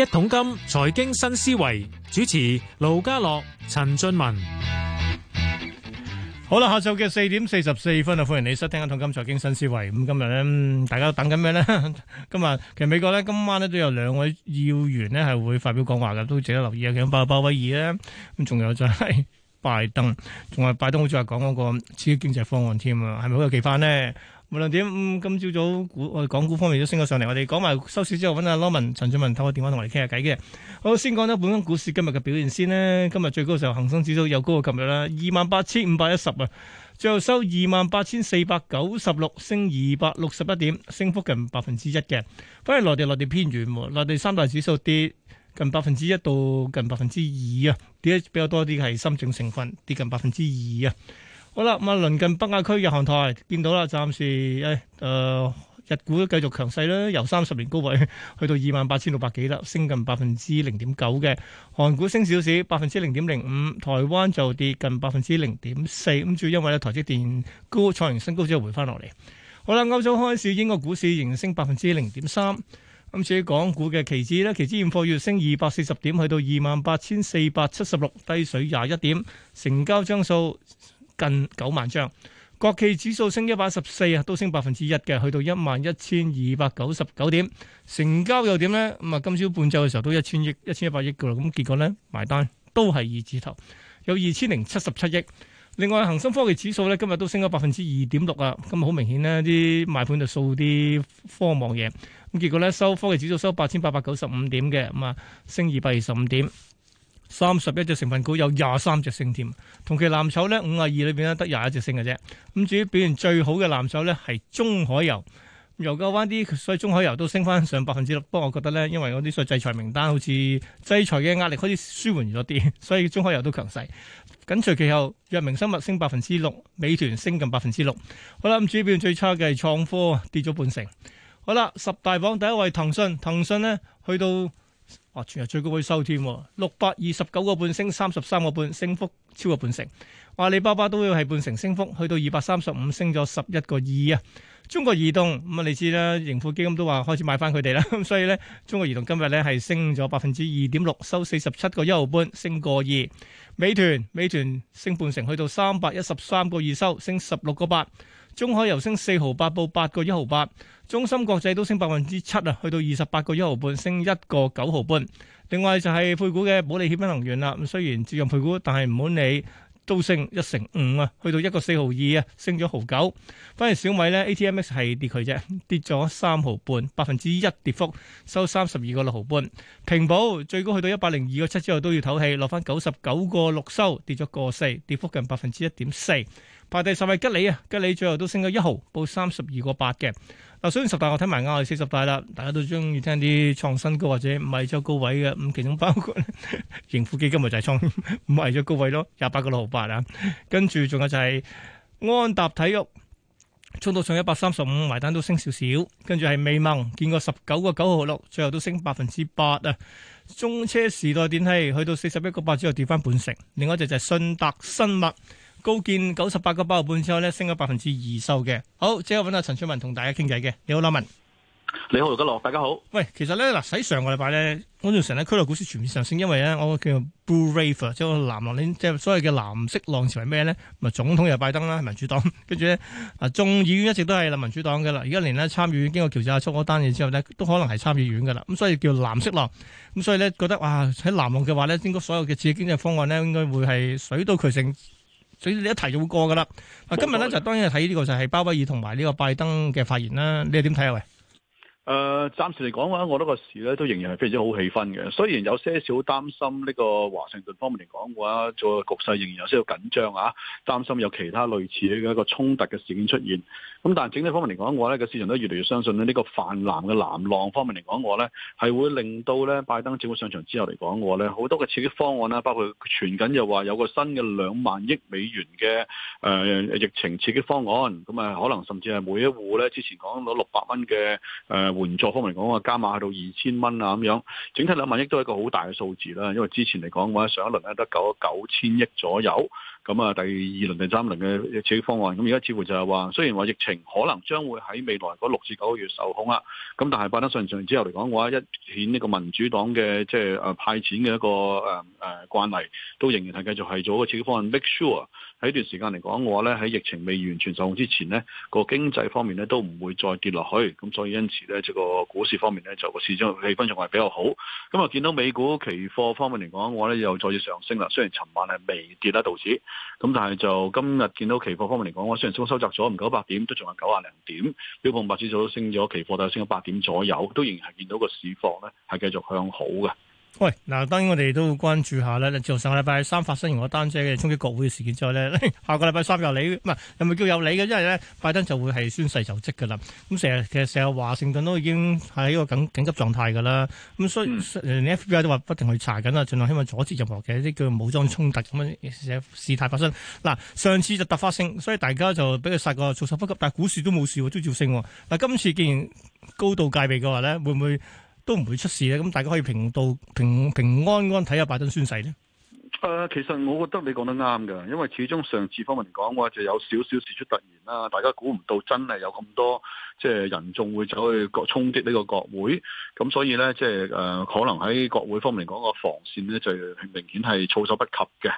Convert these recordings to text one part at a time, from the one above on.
一桶金財經新思維，主持盧家樂、陳俊文，好啦，下晝嘅四點四十四分啊，歡迎你收聽一桶金財經新思維。咁今日咧，嗯，大家都等緊咩咧？今日其實美國咧今晚咧都有兩位要員咧係會發表講話噶，都值得留意啊。其中包括鮑威爾咧，咁仲有就係拜登，仲係拜登好似話講嗰個刺激經濟方案添啊，係咪好有奇翻呢？無論點、嗯，今朝早股我哋港股方面都升咗上嚟。我哋講埋收市之後，揾阿羅文、陳俊文透過電話同我哋傾下偈嘅。好，先講咗本身股市今日嘅表現先呢。今日最高時候，恒生指數又高過琴日啦，二萬八千五百一十啊。最後收二萬八千四百九十六，升二百六十一點，升幅近百分之一嘅。反而內地內地偏軟，內地三大指數跌近百分之一到近百分之二啊。跌得比較多啲係深證成分跌近百分之二啊。好啦，咁啊，鄰近北亞區日韓台見到啦。暫時誒誒，日股都繼續強勢啦，由三十年高位去到二萬八千六百幾啦，升近百分之零點九嘅。韓股升少少，百分之零點零五。台灣就跌近百分之零點四。咁主要因為咧，台積電高創贏新高之後，回翻落嚟。好啦，歐洲開市，英國股市仍升百分之零點三。咁至於港股嘅期指咧，期指現貨月升二百四十點，去到二萬八千四百七十六，低水廿一點，成交張數，近九萬張，國企指數升一百一十四啊，都升百分之一嘅，去到一萬一千二百九十九點，成交又點呢？咁啊，今朝半晝嘅時候都一千億、一千一百億噶啦，咁結果呢，埋單都係二字頭，有二千零七十七億。另外，恒生科技指數呢，今日都升咗百分之二點六啊，咁好明顯呢，啲買盤就掃啲科網嘢，咁結果呢，收科技指數收八千八百九十五點嘅，咁啊升二百二十五點。三十一隻成分股有廿三隻升添，同期藍籌咧五啊二裏面咧得廿一隻升嘅啫。咁至於表現最好嘅藍籌咧，係中海油，油價翻啲，所以中海油都升翻上百分之六。不過我覺得咧，因為嗰啲制裁名單好似制裁嘅壓力開始舒緩咗啲，所以中海油都強勢。緊隨其後，藥明生物升百分之六，美團升近百分之六。好啦，咁主要表現最差嘅係創科，跌咗半成。好啦，十大榜第一位騰訊，騰訊呢去到。哇！全日最高會收添六百二十九個半，升三十三個半，升幅超過半成。阿里巴巴都要係半成升幅，去到二百三十五，升咗十一個二啊。中國移動咁啊，你知啦，盈富基金都話開始買翻佢哋啦。咁所以呢，中國移動今日呢係升咗百分之二點六，收四十七個一毫半，升個二。美團美團升半成，去到三百一十三個二收，升十六個八。中海油升四毫八，報八個一毫八。中芯國際都升百分之七啊，去到二十八個一毫半，升一個九毫半。另外就係配股嘅保利協鑫能源啦，雖然接入配股，但係唔滿你都升一成五啊，去到一個四毫二啊，升咗毫九。反而小米呢 ATMX 係跌佢啫，跌咗三毫半，百分之一跌幅，收三十二個六毫半。平保最高去到一百零二個七之後都要唞氣，落翻九十九個六收，跌咗個四，跌幅近百分之一點四。排第十位吉利啊，吉利最後都升咗一毫，報三十二個八嘅。嗱，雖然十大我睇埋啱係四十大啦，大家都中意聽啲創新高或者埋咗高位嘅，咁其中包括盈富基金咪就係創埋咗高位咯，廿八個六毫八啊。跟住仲有就係安踏體育，衝到上一百三十五，埋單都升少少。跟住係微盟，見過十九個九毫六，最後都升百分之八啊。中車時代電氣去到四十一個八之後跌翻半成，另外一隻就係信達生物。高見九十八個毫半之後咧，升咗百分之二十嘅。好，即係揾阿陳俊文同大家傾偈嘅。你好，俊文。你好，羅家樂，大家好。喂，其實咧嗱，使上個禮拜咧，我仲成日咧，區內股市全面上升，因為咧，我叫 Blue Wave，即係藍浪，即係所謂嘅藍色浪潮係咩咧？咪總統又拜登啦，民主黨，跟住咧啊眾議院一直都係立民主黨嘅啦。而家連呢參議院經過喬治亞州嗰單嘢之後呢，都可能係參議院噶啦。咁所以叫藍色浪。咁所以咧覺得哇，喺藍浪嘅話咧，應該所有嘅刺激經濟方案呢，應該會係水到渠成。所以你一提就會過噶啦。啊，今日咧就當然係睇呢個就係鮑威爾同埋呢個拜登嘅發言啦。你係點睇啊？喂、呃，誒，暫時嚟講嘅話，我覺得個市咧都仍然係非常之好氣氛嘅。雖然有些少擔心呢個華盛頓方面嚟講嘅話，個局勢仍然有些少少緊張啊，擔心有其他類似嘅一個衝突嘅事件出現。咁但係整體方面嚟講嘅話咧，個市場都越嚟越相信咧，呢個泛藍嘅藍浪方面嚟講嘅話咧，係會令到咧拜登政府上場之後嚟講嘅話咧，好多嘅刺激方案啦，包括傳緊又話有個新嘅兩萬億美元嘅誒、呃、疫情刺激方案，咁啊可能甚至係每一戶咧之前講到六百蚊嘅誒援助方面嚟講嘅話，加碼去到二千蚊啊咁樣。整體兩萬億都係一個好大嘅數字啦，因為之前嚟講嘅話，上一輪咧得九九千億左右。咁啊，第二輪、第三輪嘅刺激方案，咁而家似乎就係話，雖然話疫情可能將會喺未來嗰六至九個月受控啦，咁但係，拜登上場之後嚟講嘅話，一顯呢個民主黨嘅即係誒派錢嘅一個誒誒慣例，都仍然係繼續係做個刺激方案，Make sure。喺一段時間嚟講嘅話咧，喺疫情未完全受控之前咧，個經濟方面咧都唔會再跌落去，咁所以因此咧，即個股市方面咧就個市場氣氛仲係比較好。咁啊，見到美股期貨方面嚟講嘅話咧，又再次上升啦。雖然尋晚係未跌啦到此，咁但係就今日見到期貨方面嚟講，我雖然收收窄咗唔夠百點，都仲有九啊零點，標普五百指數都升咗，期貨係升咗八點左右，都仍然係見到個市況咧係繼續向好嘅。喂，嗱，當然我哋都會關注一下咧。就上個禮拜三發生完我單車嘅衝擊國會嘅事件之後咧，下個禮拜三又你唔係，又咪叫有你嘅？因為咧拜登就會係宣誓就職噶啦。咁成日其實成日華盛頓都已經喺一個緊緊急狀態噶啦。咁所以，連 FBI 都話不停去查緊啦，盡量希望阻止任何嘅一啲叫武裝衝突咁樣事態發生。嗱，上次就突發性，所以大家就俾佢殺個措手不及。但係股市都冇事，都照升嗱，今次既然高度戒備嘅話咧，會唔會？都唔會出事嘅？咁大家可以平到平平安安睇下拜登宣誓呢？誒、呃，其實我覺得你講得啱嘅，因為始終上次方面嚟講嘅話，就有少少事出突然啦，大家估唔到真係有咁多即係、就是、人眾會走去國衝擊呢個國會，咁所以呢，即係誒可能喺國會方面嚟講個防線呢就明顯係措手不及嘅。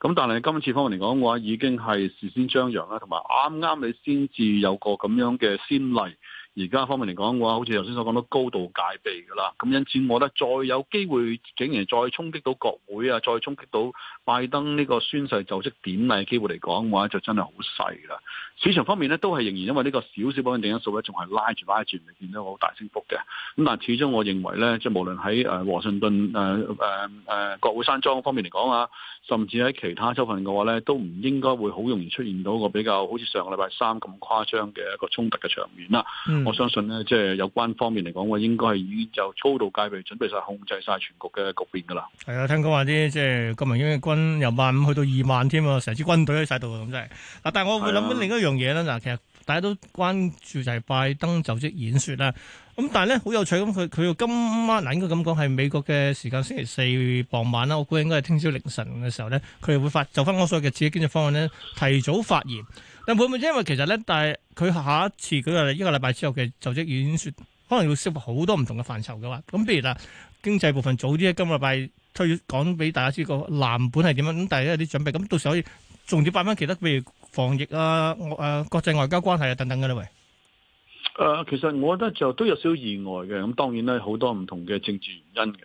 咁但係今次方面嚟講嘅話，已經係事先張揚啦，同埋啱啱你先至有個咁樣嘅先例。而家方面嚟講嘅話，好似頭先所講到高度戒備㗎啦，咁因此我覺得，再有機會竟然再衝擊到國會啊，再衝擊到拜登呢個宣誓就職典禮嘅機會嚟講嘅話，就真係好細啦。市場方面呢，都係仍然因為呢個少少部分定因素咧，仲係拉住拉住，唔見到好大升幅嘅。咁但係始終我認為呢，即係無論喺、呃、華盛頓誒誒誒國會山莊方面嚟講啊，甚至喺其他州份嘅話呢，都唔應該會好容易出現到一個比較好似上個禮拜三咁誇張嘅一個衝突嘅場面啦。嗯我相信呢，即係有關方面嚟講，我應該係已經就操到戒備，準備晒控制晒全局嘅局面噶啦。係啊，聽講話啲即係國民英軍由萬五去到二萬添啊，成支軍隊喺晒度咁真係。嗱，但係我會諗緊另一樣嘢啦。嗱，其實大家都關注就係拜登就職演說啦。咁但係咧，好有趣咁，佢佢今晚嗱應該咁講係美國嘅時間星期四傍晚啦，我估應該係聽朝凌晨嘅時候咧，佢會發就翻我所謂嘅自己經濟方案咧，提早發言。會唔會因為其實咧，但係佢下一次佢一個禮拜之後嘅就職演說，可能要涉及好多唔同嘅範疇㗎嘛，咁譬如啊，經濟部分早啲今個禮拜推講俾大家知個藍本係點樣，咁大家有啲準備，咁到時可以重點擺翻其他，譬如防疫啊，誒國際外交關係啊等等嘅啦，喂。誒，其實我覺得就都有少少意外嘅，咁當然咧，好多唔同嘅政治原因嘅，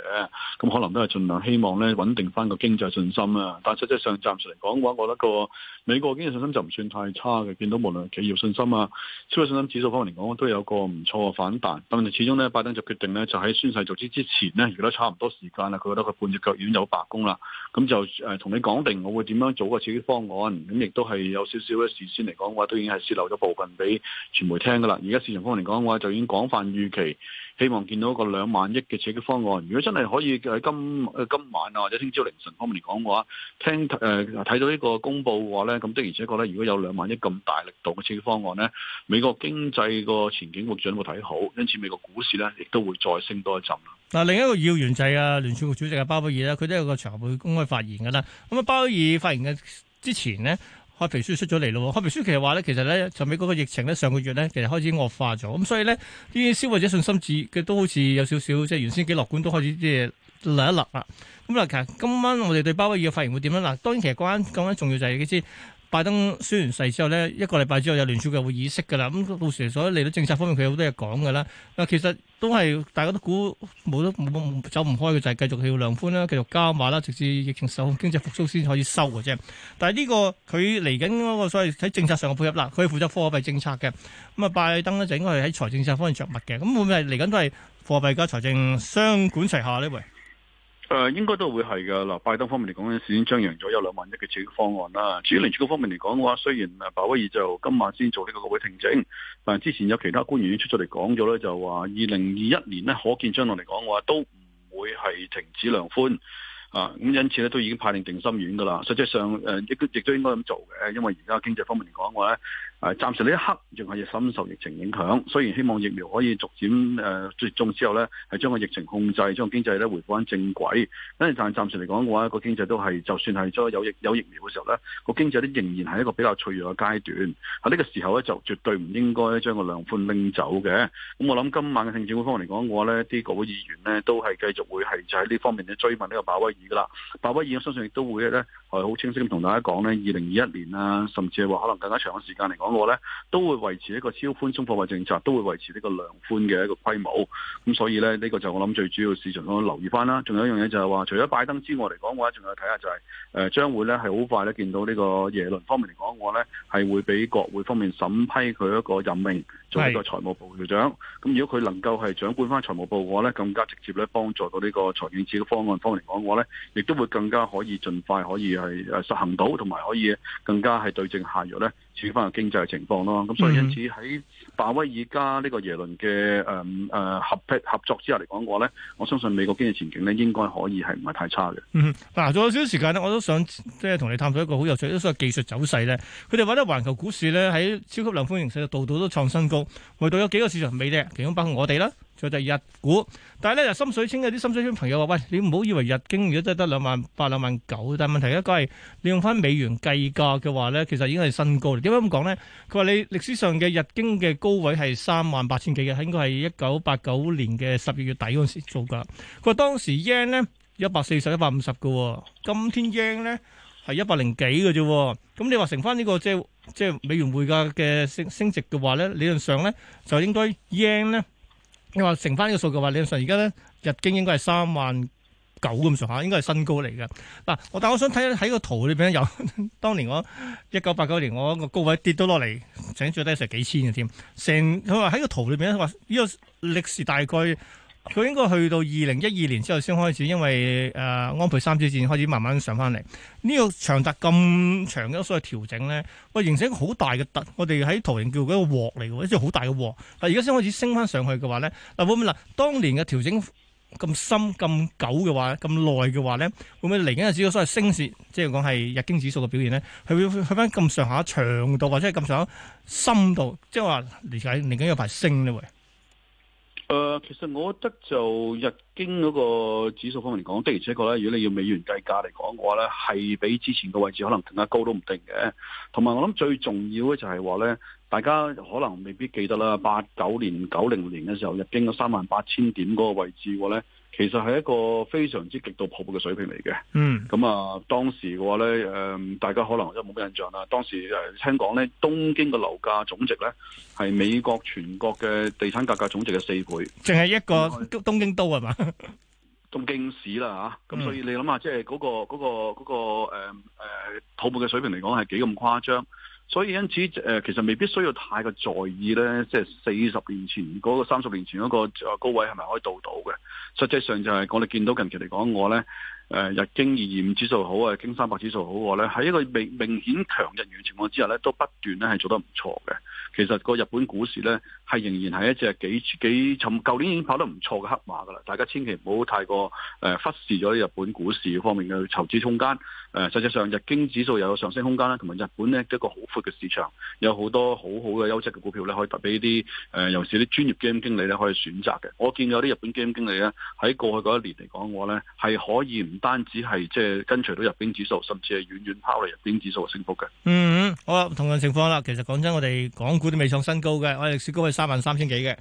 咁可能都係盡量希望咧穩定翻個經濟信心啊。但實際上暫時嚟講嘅話，我覺得個美國經濟信心就唔算太差嘅，見到無論企業信心啊、消費信心指數方面嚟講，都有個唔錯嘅反彈。但係始終呢，拜登就決定呢，就喺宣誓就職之前呢，如果差唔多時間啦，佢覺得佢半隻腳已經入白宮啦，咁就誒同你講定，我會點樣做個措施方案，咁亦都係有少少嘅事先嚟講嘅話，都已經係泄漏咗部分俾傳媒聽㗎啦。而家市場。方面嚟講，嘅話就已經廣泛預期，希望見到一個兩萬億嘅刺激方案。如果真係可以喺今、呃、今晚啊，或者聽朝凌晨方面嚟講嘅話，聽誒睇、呃、到呢個公佈嘅話咧，咁的而且確咧，如果有兩萬億咁大力度嘅刺激方案咧，美國經濟個前景會進一步睇好，因此美國股市咧亦都會再升多一陣嗱，另一個要員就係，聯儲局主席啊鮑威爾咧，佢都有一個場合公開發言嘅啦。咁啊，鮑威爾發言嘅之前咧。開皮書出咗嚟咯，開皮書其實話咧，其實咧，就美國個疫情咧，上個月咧，其實開始惡化咗，咁所以咧，啲消費者信心指嘅都好似有少少即係、就是、原先幾樂觀，都開始即係落一落啦。咁、嗯、嗱，其實今晚我哋對鮑威爾嘅發言會點樣？嗱，當然其實講緊講重要就係幾先，拜登宣完誓之後咧，一個禮拜之後有聯儲局會議息噶啦，咁到時所以嚟到政策方面佢有好多嘢講噶啦。嗱，其實都係大家都估冇得冇走唔開嘅就係繼續要量寬啦，繼續加碼啦，直至疫情受控、經濟復蘇先可以收嘅啫。但係呢個佢嚟緊嗰個所謂喺政策上嘅配合啦，佢負責貨幣政策嘅，咁啊拜登咧就應該係喺財政上方面着墨嘅。咁會唔會係嚟緊都係貨幣加財政雙管齊下呢位。誒、呃，應該都會係嘅。嗱，拜登方面嚟講，事先張揚咗有兩萬億嘅刺激方案啦。至於聯儲局方面嚟講嘅話，雖然啊，鮑威爾就今晚先做呢個國會聽證，但係之前有其他官員出咗嚟講咗咧，就話二零二一年咧，可見將來嚟講嘅話，都唔會係停止量寬啊。咁因此咧，都已經派定定心丸噶啦。實際上誒，亦都亦都應該咁做嘅，因為而家經濟方面嚟講嘅話。係，暫時呢一刻仲係要深受疫情影響，雖然希望疫苗可以逐漸誒、呃、接種之後呢係將個疫情控制，將個經濟咧回復返正軌。跟住，但係暫時嚟講嘅話，個經濟都係就算係再有疫有疫苗嘅時候呢個經濟咧仍然係一個比較脆弱嘅階段。喺、啊、呢、呢個時候呢，就絕對唔應該將個量寬拎走嘅。咁我諗今晚嘅聽證會方面嚟講嘅話呢啲國會議員呢都係繼續會係就喺呢方面呢追問呢個鮑威爾㗎啦。鮑威爾我相信亦都會呢係好清晰咁同大家講呢，二零二一年啊，甚至係話可能更加長嘅時間嚟講，都會維持一個超寬鬆貨幣政策，都會維持呢個量寬嘅一個規模。咁所以咧，呢個就我諗最主要市場我留意翻啦。仲有一樣嘢就係話，除咗拜登之外嚟講我仲有睇下就係誒將會咧係好快咧見到呢個耶倫方面嚟講嘅話咧，係會俾國會方面審批佢一個任命做呢個財務部長。咁如果佢能夠係掌管翻財務部嘅話呢，我咧更加直接咧幫助到呢個財政刺激方案方面嚟講嘅話咧，亦都會更加可以盡快可以係誒實行到，同埋可以更加係對症下藥咧。睇翻個經濟情況咯，咁所以因此喺鮑威爾加呢個耶倫嘅誒誒合合作之下嚟講嘅話咧，我相信美國經濟前景咧應該可以係唔係太差嘅。嗱、嗯，仲有少少時間咧，我都想即係同你探討一個好有趣，都係技術走勢咧。佢哋話咧，環球股市咧喺超級量寬形勢度度都創新高，唯獨有幾個市場未跌，其中包括我哋啦。再就日股，但係咧就深水埗嘅啲深水埗朋友話，喂，你唔好以為日經如果真係得兩萬八兩萬九，但係問題一個係你用翻美元計價嘅話咧，其實已經係新高啦。點解咁講咧？佢話你歷史上嘅日經嘅高位係三萬八千幾嘅，應該係一九八九年嘅十二月底嗰陣時做噶。佢話當時 yen 咧一百四十一百五十個，今天 yen 咧係一百零幾嘅啫。咁你話乘翻呢個即係即係美元匯價嘅升升值嘅話咧，理論上咧就應該 yen 咧。你話乘翻呢個數據話，理論上而家咧日經應該係三萬九咁上下，應該係新高嚟嘅。嗱，我但我想睇下喺個圖裏面有，咧，有當年我一九八九年我個高位跌到落嚟，整最低成幾千嘅添。成佢話喺個圖裏面，咧呢個歷史大概。佢應該去到二零一二年之後先開始，因為誒、呃、安倍三支箭開始慢慢上翻嚟。呢、這個長達咁長嘅所謂調整咧，喂形成很一個好大嘅突，我哋喺圖形叫嗰個鑊嚟嘅喎，一隻好大嘅鑊，但而家先開始升翻上去嘅話咧，嗱會唔會嗱當年嘅調整咁深咁久嘅話，咁耐嘅話咧，會唔會嚟緊少少所謂升市，即係講係日經指數嘅表現咧，佢會去翻咁上下長度，或者係咁上下深度，即係話嚟解嚟緊有排升咧？喎。誒、呃，其實我覺得就日經嗰個指數方面嚟講，的而且確咧，如果你要美元計價嚟講嘅話咧，係比之前個位置可能更加高都唔定嘅。同埋我諗最重要嘅就係話咧，大家可能未必記得啦，八九年、九零年嘅時候，日經個三萬八千點嗰個位置咧。其實係一個非常之極度泡沫嘅水平嚟嘅。嗯，咁、嗯、啊，當時嘅話呢，誒，大家可能都冇咩印象啦。當時誒，聽講咧，東京嘅樓價總值呢，係美國全國嘅地產價格，格總值嘅四倍，淨係一個東京都啊嘛，東京市啦吓，咁、嗯、所以你諗下，即係嗰個嗰、嗰個、嗰個誒誒、嘅、嗰個嗯呃、泡沫水平嚟講係幾咁誇張。所以因此、呃、其實未必需要太過在意咧，即係四十年前嗰、嗰個三十年前嗰個高位係咪可以到到嘅？實際上就係、係、我哋見到近期嚟講，我咧。誒，日經二二五指數好啊，經三百指數好喎咧，喺一個明明顯強日元嘅情況之下咧，都不斷咧係做得唔錯嘅。其實個日本股市咧，係仍然係一隻幾幾沉，舊年已經跑得唔錯嘅黑馬噶啦。大家千祈唔好太過誒、呃、忽視咗日本股市方面嘅籌資空間。誒、呃，實際上日經指數又有個上升空間啦，同埋日本咧一個好闊嘅市場，有好多好好嘅優質嘅股票咧，可以帶俾啲誒尤其是啲專業基金經理咧可以選擇嘅。我見有啲日本基金經理咧喺過去嗰一年嚟講嘅話咧，係可以唔？唔單止係即係跟隨到入邊指數，甚至係遠遠拋離入邊指數嘅升幅嘅。嗯嗯，好啦，同樣情況啦。其實講真，我哋港股都未創新高嘅。我哋市高係三萬三千幾嘅。咁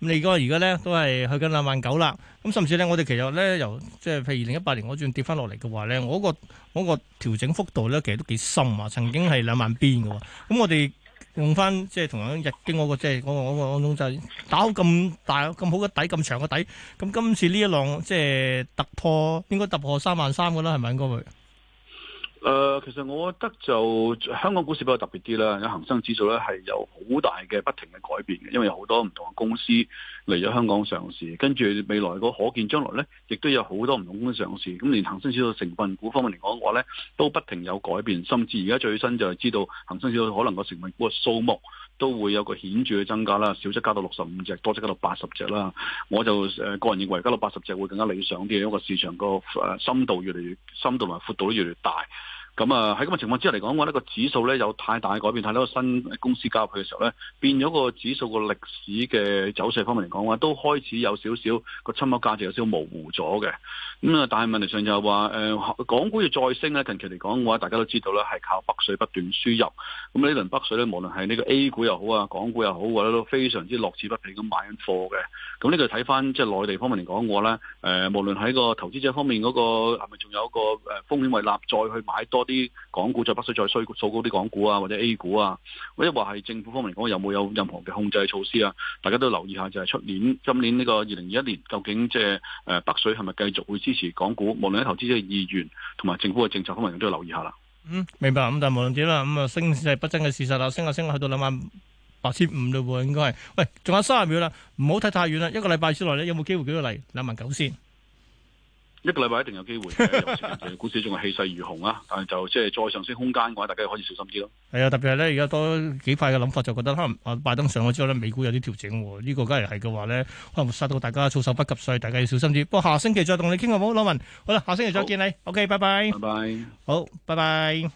你而家而家咧都係去緊兩萬九啦。咁甚至咧，我哋其實咧由即係譬如二零一八年嗰轉跌翻落嚟嘅話咧，我個我個調整幅度咧其實都幾深啊。曾經係兩萬邊嘅。咁我哋。用翻即係同樣日經嗰個即係嗰個嗰個嗰種就打好咁大咁好嘅底咁長嘅底，咁今次呢一浪即係突破應該突破三萬三嘅啦，係咪應該會？誒、呃，其實我覺得就香港股市比較特別啲啦，有恒生指數咧係有好大嘅不停嘅改變嘅，因為有好多唔同嘅公司嚟咗香港上市，跟住未來個可見將來咧，亦都有好多唔同公司上市，咁連恒生指數成分股方面嚟講嘅話咧，都不停有改變，甚至而家最新就係知道恒生指數可能個成分股嘅數目都會有個顯著嘅增加啦，少則加到六十五隻，多則加到八十隻啦。我就誒個人認為加到八十隻會更加理想啲，因為市場個誒深度越嚟越深度同埋闊度都越嚟越大。咁、嗯、啊，喺咁嘅情況之下嚟講，話呢個個指數咧有太大改變，太多新公司加入去嘅時候咧，變咗個指數個歷史嘅走勢方面嚟講嘅話，都開始有少少個參考價值有少少模糊咗嘅。咁、嗯、啊，但係問題上就係、是、話、呃，港股要再升咧，近期嚟講嘅話，大家都知道呢係靠北水不斷輸入。咁呢輪北水咧，無論係呢個 A 股又好啊，港股又好，啊，都非常之樂此不疲咁買緊貨嘅。咁呢度睇翻即係內地方面嚟講，我、呃、咧無論喺個投資者方面嗰、那個係咪仲有個個誒風險為立再去買多？啲港股水再不需再衰，掃高啲港股啊，或者 A 股啊，或者話係政府方面嚟講，有冇有，有任何嘅控制措施啊？大家都留意下，就係、是、出年今年呢個二零二一年，究竟即係誒，北水係咪繼續會支持港股？無論喺投資者嘅意願同埋政府嘅政策方面，都要留意下啦。嗯，明白。咁但係無論點啦，咁啊，升勢不爭嘅事實啦，升啊升啊，去到兩萬八千五嘞喎，應該係。喂，仲有三十秒啦，唔好睇太遠啦，一個禮拜之內咧，有冇機會舉個例兩萬九先？一個禮拜一定有機會，股市仲係氣勢如虹啊！但係就即係再上升空間嘅話，大家可以小心啲咯。係啊，特別係咧，而家多幾塊嘅諗法，就覺得可能啊拜登上咗之後咧，美股有啲調整，呢個梗係係嘅話咧，可能殺到大家措手不及，所以大家要小心啲。不過下星期再同你傾啊，好，Lawrence，好啦，下星期再見你，OK，拜拜，拜拜，好，拜拜。